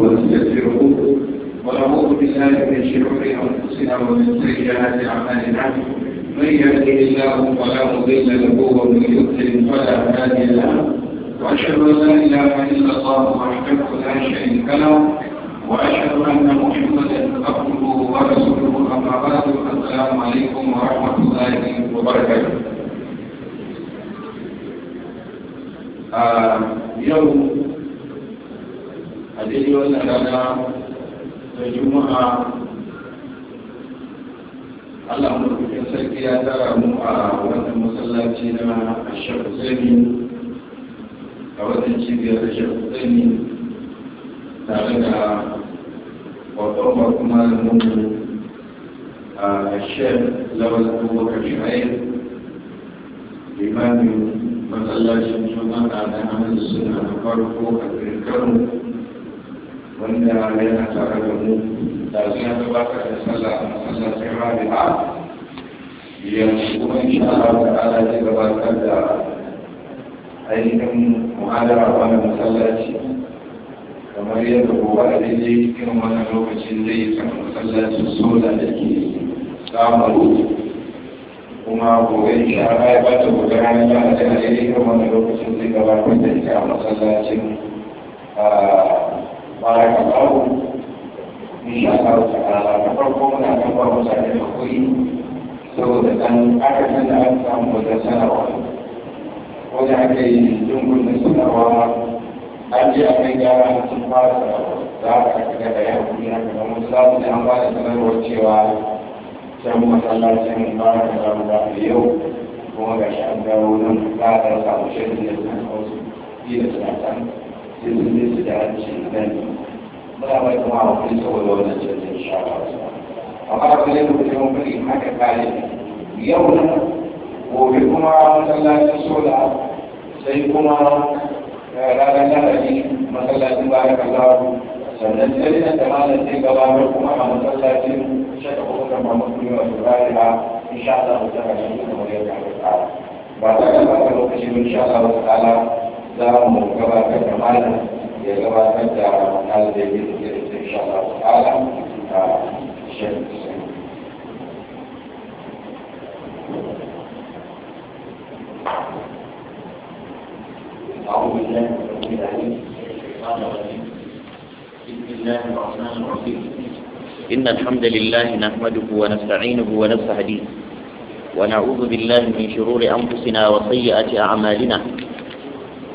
ونعوذ بالله من شرور انفسنا ومن سيئات اعمالنا من يهده الله فلا مضل له ومن يضلل فلا هادي له واشهد ان لا اله الا الله وحده لا شريك له واشهد ان محمدا عبده ورسوله اما بعد السلام عليكم ورحمه الله وبركاته آه، يوم a daidai wannan rana da juma'a allah mulkin sarki ya tara mu a wannan masallaci na ashar zani a wannan cibiyar ashar zani tare da kuma da malamin a shek lawal abubakar shair limamin masallacin juma'a na hannun suna na farko a kirkarmu wanda yana tare da mu da zai gabatar da sallah a masallacin rabi'a yanzu kuma insha Allah ta'ala zai gabatar da ainihin muhadara wannan masallaci kamar yadda gobe a daidai irin wannan lokacin zai san masallacin sola da ke kuma gobe insha Allah ya bata gobe ranar yana da daidai irin wannan lokacin zai gabatar da ita a masallacin ah, بارك الله إن شاء الله تعالى نفرقون أن نفرق سنة الخير سودة أن أكثر أن تنفذ سنوات وجعل ينقل من سنوات an je a kai gyara a cikin fara sanarwa za a ka da yau kuma haka da za samu da an bada sanarwar cewa can masallacin fara sanarwa da yau kuma ga shi an dawo nan za a samu shirin da sun hausu bi da tunatan sai mu ne su da hanci nan muna mai kuma a kuri saboda wannan canjin shawara amma da kuma yadda kuma kuri haka kare yau nan gobe kuma masallacin sola sai kuma ranar lahadi masallacin bayan kallahu sannan sai da malam sai gabatar kuma a masallacin shaka kuma kan mamu kuma su rari ba إن شاء الله تعالى شكرا وليك على الآن بعد ذلك بعد الوقت إن شاء الله تعالى za mu gabatar da malam ya gabatar da malam da yi da ke أعوذ بالله من الرجيم بسم الله الرحمن الرحيم إن الحمد لله نحمده ونستعينه ونستهديه ونعوذ بالله من شرور أنفسنا وسيئات أعمالنا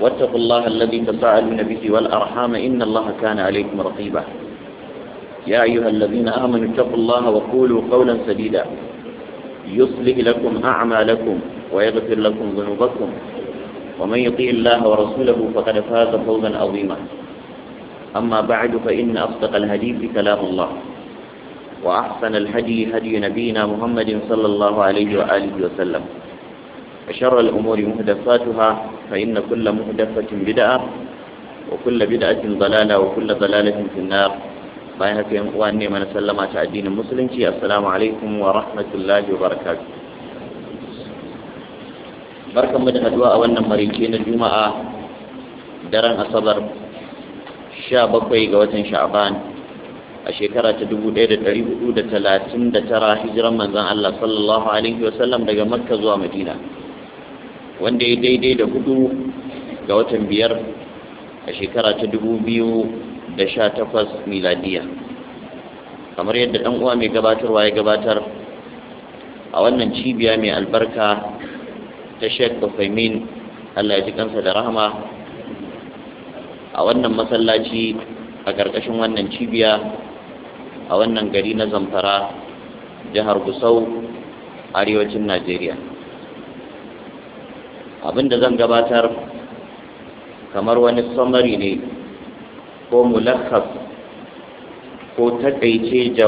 واتقوا الله الذي تساءلون به والأرحام إن الله كان عليكم رقيبا يا أيها الذين آمنوا اتقوا الله وقولوا قولا سديدا يصلح لكم أعمالكم ويغفر لكم ذنوبكم ومن يطيع الله ورسوله فقد فاز فوزا عظيما أما بعد فإن أصدق الحديث كلام الله وأحسن الهدي هدي نبينا محمد صلى الله عليه وآله وسلم وشر الأمور مهدفاتها فإن كل محدثة بدعة وكل بدعة ضلالة وكل ضلالة في النار bayan haka yan uwa ne mana sallama ta addinin musulunci assalamu alaikum wa rahmatullahi wa barakatuh barkan mu da haduwa a wannan marike na juma'a daren asabar 17 ga watan sha'ban a shekara ta 1439 hijiran manzon Allah sallallahu alaihi wa sallam daga makka zuwa madina wanda ya daidai da hudu ga watan biyar a shekara ta dubu biyu da sha takwas miladiya kamar yadda dan uwa mai gabatarwa ya gabatar a wannan cibiya mai albarka ta shek bafaimin allah ya ji kansa da rahama a wannan masallaci a ƙarƙashin wannan cibiya a wannan gari na zamfara jihar gusau arewacin najeriya abinda zan gabatar kamar wani samari ne ko mulakhas ko takaice jawabi